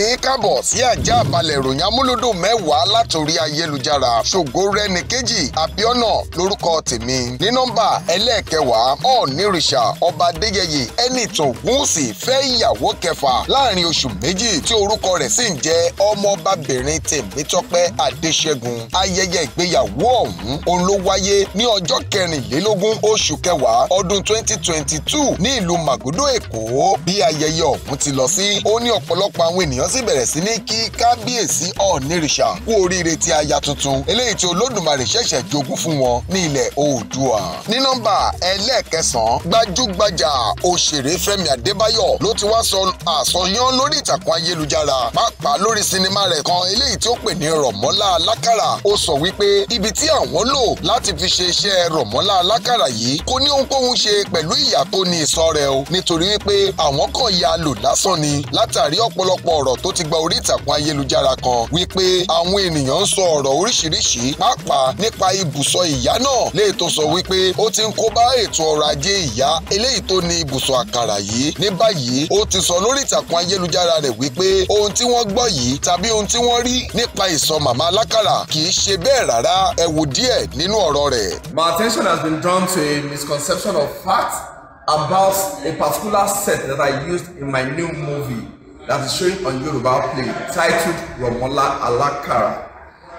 sí káàbọ̀ sí ajá balẹ̀ ìròyìn amúlòdùn mẹ́wàá látòrí ayélujára ṣògo rẹni kejì abiona lórúkọ tèmi ní nọ́mbà ẹlẹ́ẹ̀kẹwàá ọ̀nìrìṣà ọba adéyẹyè ẹnìtàn ògúnwùsì fẹ́ ìyàwó kẹfà láàrin oṣù méjì tí orúkọ rẹ̀ sì ń jẹ́ ọmọbabìnrin tèmítọ́pẹ́ adéṣẹ́gun ayẹyẹ ìgbéyàwó ọ̀hún òun ló wáyé ní ọjọ́ kẹrìnlélógún oṣù kẹwàá ọdún 2022 ní ìlú màgúdó èkó bí ayẹyẹ ọ̀hún ti lọ sí ó ní ọ̀pọ̀lọpọ̀ àwọn ènìyàn sì bẹ̀rẹ̀ sí ní kí kábíyèsí ọ̀nìrìṣà kú oríire ti aya tuntun eléyìí tí olódùmarè ṣẹ̀ṣẹ̀ jogún fún wọn ní ilẹ̀ oòdùà. ní nọ́mbà ẹlẹ́ẹ̀kẹsàn-án gbajúgbajà òṣèré Fẹ́mi Adébáyọ̀ ló ti wá sọ àsọyán lórí ìtàkùn ayélujára pàápàá lórí sinimá rẹ̀ kan eléyìí tí ó pè ní rọ̀mọ́lá alákàrà ó sọ wípé ibi tí àwọn lò láti fi ṣe iṣẹ́ rọ̀mọ́lá alákàrà yìí kò ní ohunkóhun ṣe pẹ̀lú ìyà tó ní ìsọ rẹ̀ o nítorí wípé àwọn kan ya lò lásán ni látàrí ọ̀pọ̀lọpọ̀ ọ̀rọ̀ tó ti gba orí ìtàkùn ayélujára kan wípé àwọn ènìyàn ń sọ ọ̀rọ̀ oríṣiríṣi pàápàá nípa ibùsọ̀ ìyá náà léè sọ wípé ó ti ń kó bá ètò ọrọ̀ ajé ìyá eléyìí tó ní ibùsọ̀ àkàrà yìí ní báyìí ó ti sọ lórí ìtàkùn ayélujára rẹ̀ wípé ohun tí wọ́n gbọ́ yìí tàbí ohun tí wọ́n rí nípa ìsọ màmá alákàrà kì í ṣe bẹ́ẹ̀ rárá ẹ díẹ̀ nínú ọ̀rọ̀ rẹ̀. My attention has been drawn to a misconception of fact about a particular set that I used in my new movie that is showing on Yoruba Play titled Romola Alakara.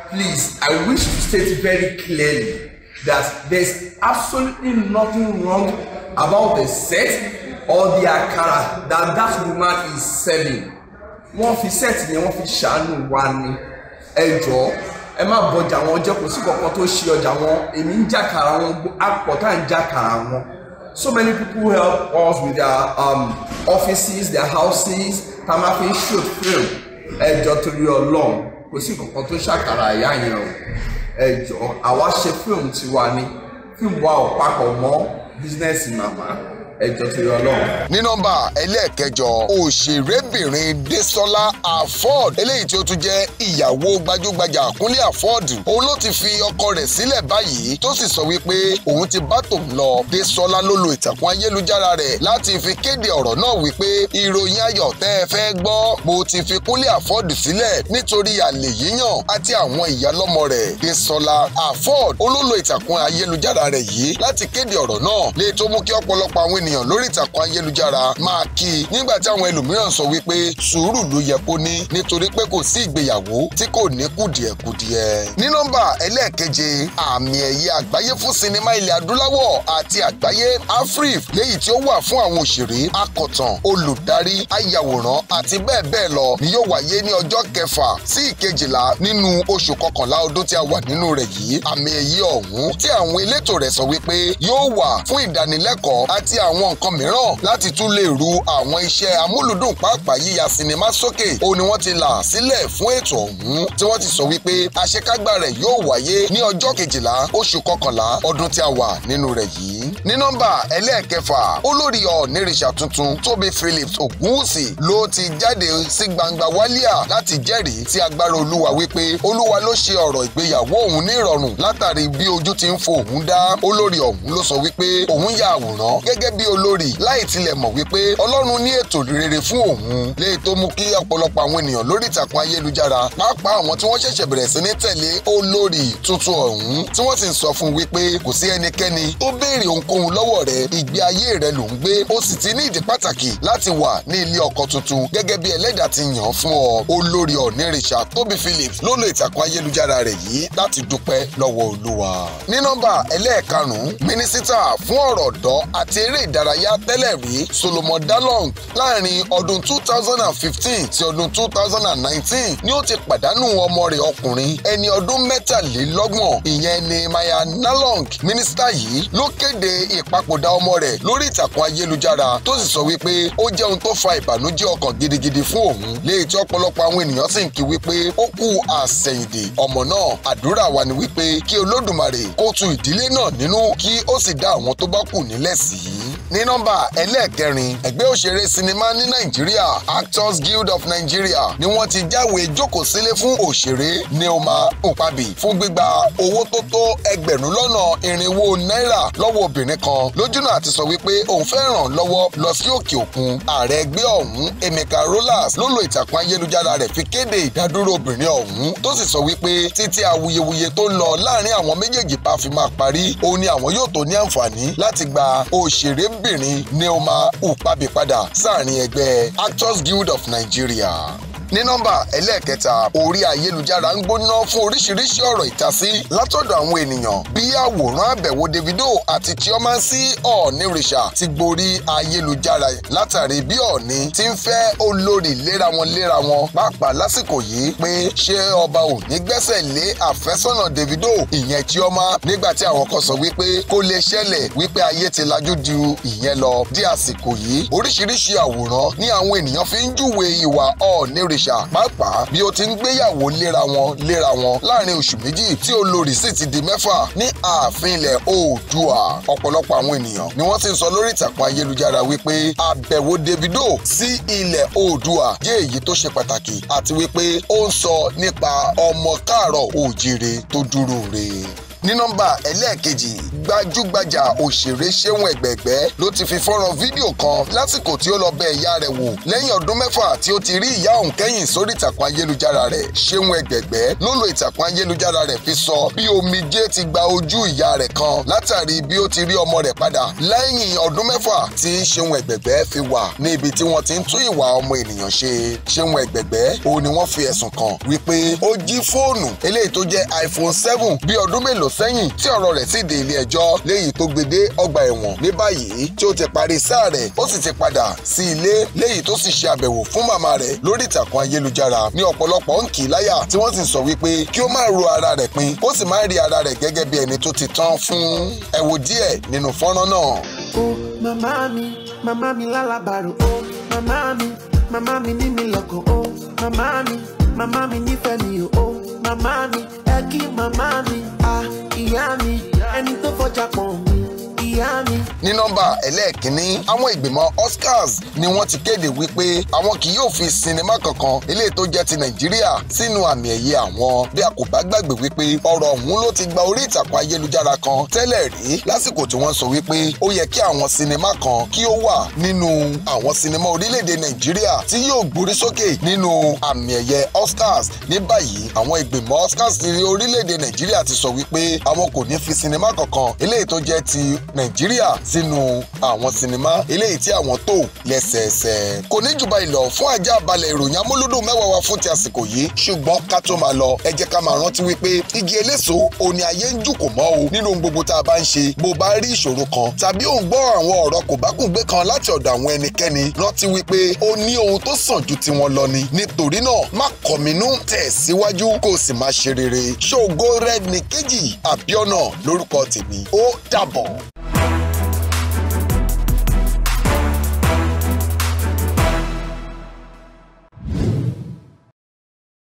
Please, I wish to state very clearly that there's absolutely nothing wrong about the set or the akara that that woman is serving. Wọ́n fi set yẹn wọ́n fi ṣàánú wa ni. Ẹ jọ̀ọ́ ẹ má bọjà wọn jẹ́ kò sí kankan tó ṣe ọjà wọn. Èmi ń jàkàrà wọn, àpọ̀ tá à ń jàkàrà wọn so many people help us with their um, offices their houses tá shoot film ẹjọ torí Ọlọ́run kò sí kankan tó ṣàkàrà ìyá yẹn o ẹjọ àwa ṣe film tiwa ni film wa ò papọ̀ mọ́ business màmá ẹjọ́ ti yọ ọlọ́run. ní nọ́mbà ẹlẹ́ẹ̀kẹjọ òṣèrébìnrin Désọlá Afford eléyìí tí ó tún jẹ́ ìyàwó gbajúgbajà Kúnlé Afford òun ló ti fi ọkọ rẹ̀ sílẹ̀ báyìí tó sì sọ wípé òun ti bá tòun lọ Désọlá ló lo ìtàkùn ayélujára rẹ̀ láti fi kéde ọ̀rọ̀ náà wípé ìròyìn ayọ̀ tẹ́ ẹ fẹ́ gbọ́ mo ti fi Kúnlé Afford sílẹ̀ nítorí àlè yíyàn àti àwọn ìyálọ́mọ rẹ̀ Désọlá Afford olólo ìtàkùn ayélujára rẹ̀ yìí láti kéde ọ̀rọ̀ náà lè tó mú kí ọ̀pọ̀lọpọ̀ àwọn ènìyàn ènìyàn lórí ìtàkùn ayélujára máa kí i nígbà tí àwọn ẹlòmíràn sọ wípé sùúrù ló yẹ kó ní nítorí pé kò sí ìgbéyàwó tí kò ní kùdìẹ̀kudiẹ. ní nọ́mbà ẹlẹ́ẹ̀keje àmì ẹ̀yẹ àgbáyé fún sinimá ilẹ̀ adúláwọ̀ àti àgbáyé afrif léyìí tí ó wà fún àwọn òṣèré akọ̀tàn olùdarí ayàwòrán àti bẹ́ẹ̀ bẹ́ẹ̀ lọ ni yóò wáyé ní ọjọ́ kẹfà sí ìkejìlá nínú oṣù kọkànlá ọdún tí a wà nínú rẹ̀ yìí àmì ẹ̀yẹ ọ̀hún tí àwọn elétò rẹ̀ sọ wípé yóò wà fún ìdánilẹ́kọ̀ọ́ àti à àwọn nǹkan mìíràn láti tún lè ru àwọn iṣẹ́ amúlùdùn pàápàá yíya sinimá sókè ó ní wọ́n ti là sílẹ̀ fún ètò ọ̀hún tí wọ́n ti sọ wípé àṣekágbá rẹ̀ yóò wáyé ní ọjọ́ kejìlá oṣù kọkànlá ọdún tí a wà nínú rẹ̀ yìí ní nọ́mbà ẹlẹ́ẹ̀kẹfà olórí ọ̀nìrìṣà tuntun Tóbi Phillips Ògúnwùsì ló ti jáde sí gbangba wálíà láti jẹ́rìí sí agbára olúwa wípé olúwa ló ṣe ọ̀rọ̀ ìgbéyàwó òun ní ìrọ̀rùn látàrí bí ojú ti ń fo òun dá olórí ọ̀hún ló sọ wípé òun ya àwòrán gẹ́gẹ́ bí olórí láì tilẹ̀ mọ̀ wípé ọlọ́run ní ètò rere fún òun léè tó mú kí ọ̀pọ̀lọpọ̀ àwọn ènìyàn lórí ìtàkùn ayélujára pàápàá àwọn tí wọ́n ṣẹ̀ṣẹ̀ bẹ̀rẹ̀ sí ní tẹ̀lé olórí tuntun ọ̀hún tí wọ́n sì ń sọ fún wípé kò sí ẹnikẹ́ni tó béèrè òun ohunkóhun lọ́wọ́ rẹ ìgbé ayé rẹ ló ń gbé ó sì ti ní ìdí pàtàkì láti wà ní ilé ọkọ tuntun gẹ́gẹ́ bí ẹlẹ́dàá ti yàn fún ọ olórí ọ̀nìrìṣà Tobi Phillips ló lo ìtàkùn ayélujára rẹ̀ yìí láti dúpẹ́ lọ́wọ́ olúwa. ní nọ́mbà ẹlẹ́ẹ̀karùn-ún mínísítà fún ọ̀rọ̀ ọ̀dọ́ àti eré ìdárayá tẹ́lẹ̀ rí Solomon Dalong láàrin ọdún 2015 sí ọdún 2019 ni ó ti pàdánù ọmọ rẹ̀ ọkùnrin ẹni ọdún mẹ́tàlélọ́gbọ̀n ìyẹn ni Maya Nalong mínísítà yìí ló kéde ìpapòdà ọmọ rẹ̀ lórí ìtàkùn ayélujára tó sì sọ wípé ó jẹ́ ohun tó fa ìbànújẹ́ ọkàn gidigidi fún òun léyìí tí ọ̀pọ̀lọpọ̀ àwọn ènìyàn sì ń kí wípé ó kú àsẹ̀yìndè ọmọ náà àdúrà wa ni wípé kí Olódùmarè kó tu ìdílé náà nínú kí ó sì dá àwọn tó bá kù nílẹ̀ sí i ní nọ́mbà ẹlẹ́ẹ̀kẹrin ẹgbẹ́ òṣèré sinimá ní nàìjíríà Actors Guild of Nigeria ni wọ́n ti jáwèé jókòó sílé fún òṣèré Neoma Okabi fún gbígba owó tó tó ẹgbẹ̀rún lọ́nà irinwó náírà lọ́wọ́ obìnrin kan lójúnà àti sọ wípé òun fẹ́ ràn lọ́wọ́ lọ sí òkè òkun ààrẹ ẹgbẹ́ ọ̀hún Emeka Rollas ló lo ìtàkùn ayélujára rẹ̀ fi kéde ìdádúró obìnrin ọ̀hún tó sì sọ wípé títí awuyewuye tó ń lọ láàrin àwọn méjèèjì bá fi máa parí òun ni àwọn yóò tó ní àǹfààní láti gba òṣèré arábìnrin Neoma Ukpabi padà sáàrin ẹgbẹ́ Actors Guild of Nigeria ní nọ́mbà ẹlẹ́ẹ̀kẹta orí ayélujára ń gbóná fún oríṣiríṣi ọ̀rọ̀ ìtasí látọ̀dọ̀ àwọn ènìyàn bí àwòrán àbẹ̀wò Davido àti Chioma sí Ọ̀nìrìṣà ti gborí ayélujára látàrí bí Ọ̀nì ti ń fẹ́ olórí léra wọn léra wọn pàápàá lásìkò yìí pé ṣé ọba ò ní gbẹ́sẹ̀ lé àfẹ́sọ́nà Davido ìyẹn Chioma nígbà tí àwọn kan sọ wípé kó lè ṣẹlẹ̀ wípé ayé ti lajú ju ìyẹn lọ di àsìkò yìí oríṣiríṣi ni àwọn ènìyàn fi ń júwe òrìṣà pàápàá bí ó ti ń gbéyàwó léra wọn léra wọn láàrin oṣù méjì tí olórí sì ti di mẹ́fà ní ààfin ilẹ̀ oòdùà ọ̀pọ̀lọpọ̀ àwọn ènìyàn ni wọ́n ti ń sọ lórí ìtàkùn ayélujára wípé àbẹ̀wò Davido sí ilẹ̀ oòdùà jẹ́ èyí tó ṣe pàtàkì àti wípé ó ń sọ nípa ọmọ káàárọ̀ oòjíire tó dúró re ní nọ́mbà ẹlẹ́ẹ̀kejì gbajúgbajà òṣèré ṣéun ẹ̀gbẹ̀gbẹ́ ló ti fi fọ́nrán fídíò kan lásìkò tí ó lọ bẹ ìyá rẹ̀ wò lẹ́yìn ọdún mẹ́fà tí ó ti rí ìyá òun kẹ́yìn sórí ìtàkùn ayélujára rẹ̀ ṣéun ẹ̀gbẹ̀gbẹ́ ló lo ìtàkùn ayélujára rẹ̀ fi sọ bí omijé ti gba ojú ìyá rẹ̀ kan látàrí bí ó ti rí ọmọ rẹ̀ padà lẹ́yìn ọdún mẹ́fà tí ṣéun ẹ̀gbẹ̀gbẹ́ fi wà ní ibi tí wọ́n ti ń tún ìwà ọmọ ènìyàn ṣe ṣéun ẹ̀gbẹ̀gbẹ́ òun ni wọ́n fi ẹ̀sùn kàn wípé ó jí fóònù eléyìí tó jẹ́ iPhone seven bí ọdún mélòó sẹ́yìn tí ọ̀rọ̀ rẹ̀ sì dé ilé ẹjọ́ léyìí tó gbede ọgbà ẹ̀wọ̀n ní báyìí tí ó ti parí sáà rẹ̀ ó sì ti padà sí ilé léyìí tó sì ṣe àbẹ̀wò fún màmá rẹ̀ lórí ìtàkùn ayélujára ní ọ̀pọ̀lọpọ̀ ń kì í láyà tí wọ́n sì sọ wípé kí ó má ro ara rẹ̀ pin kó sì má rí ara rẹ̀ gẹ́gẹ́ bí ẹni tó ti tán fún ẹ díẹ̀ nínú fọ́nrán náà. ó màmá mi màmá mi lálàbàrò ó màmá mi màmá mi ní mi lọ́kàn ó màmá mi màmá mi ni mi Oh, màmá mi ẹ my màmá Ah, I ìyá mi ẹni tó fọjá pọ̀ ní nọ́mbà ẹlẹ́ẹ̀kínní àwọn ìgbìmọ̀ Oscars ni wọ́n ti kéde wípé àwọn kì yóò fi sinimá kankan eléyìí tó jẹ́ ti Nàìjíríà sínú àmì ẹ̀yẹ àwọn bí a kò bá gbàgbé wípé ọ̀rọ̀ ọ̀hún ló ti gba orí ìtàkùn ayélujára kan tẹ́lẹ̀ rí lásìkò tí wọ́n sọ wípé ó yẹ kí àwọn sinimá kan kí ó wà nínú àwọn sinimá orílẹ̀-èdè Nàìjíríà tí yóò gborí sókè nínú àmì ẹ̀yẹ Oscars ní báyìí àwọn ìgbìmọ̀ Oscars ti orílẹ̀-èdè Nàìjíríà ti sọ wípé àwọn kò ní fi nàìjíríà sínú àwọn sinimá eléyìí tí àwọn tò lẹ́sẹẹsẹ. kò ní jùbà ìlọ fún ajá balẹ̀ ìròyìn amúlúdùn mẹ́wàá wa fún ti àsìkò yìí ṣùgbọ́n ká tó máa lọ ẹ jẹ́ ká máa rántí wípé igi eléso òní ayé ń jù kò mọ́ o nínú gbogbo tá a bá ń ṣe bó bá rí ìṣòro kan tàbí ò ń gbọ́ àwọn ọ̀rọ̀ kò bá kùn gbé kan láti ọ̀dọ̀ àwọn ẹnikẹ́ni rántí wípé ó ní ohun tó sàn ju tiwọn lọ ni nítorí náà má kọ̀mínú tẹ̀ síwájú kó o sì máa ṣe rere ṣògo rẹ ní kejì àbíọ́nà lórúkọ tèmi ó dàbọ̀.